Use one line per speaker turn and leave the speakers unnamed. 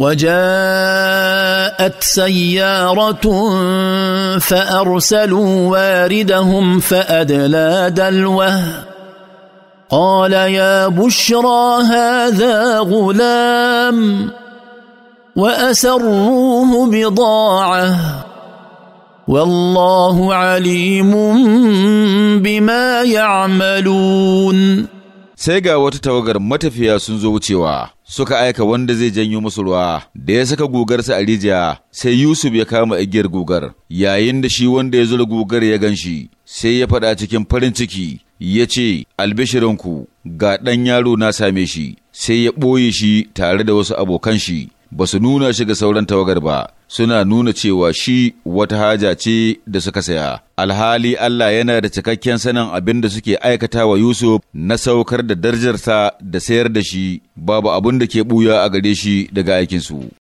وجاءت سياره فارسلوا واردهم فادلى دلوه قال يا بشرى هذا غلام واسروه بضاعه والله عليم بما يعملون
sai ga wata tawagar matafiya sun zo wucewa suka aika wanda zai janyo musu ruwa da ya saka gugarsa a rijiya sai Yusuf ya kama igiyar gugar yayin da shi wanda ya zura gugar ya gan shi sai ya faɗa cikin farin ciki ya ce albishirinku ga ɗan yaro na same shi sai ya ɓoye shi tare da wasu abokan shi ba su nuna shi ga sauran tawagar ba suna nuna cewa shi wata haja ce da suka saya alhali Allah yana da cikakken sanin abin da suke aikata wa Yusuf na saukar da darajarsa da sayar da shi babu abin da ke buya a gare shi daga
aikinsu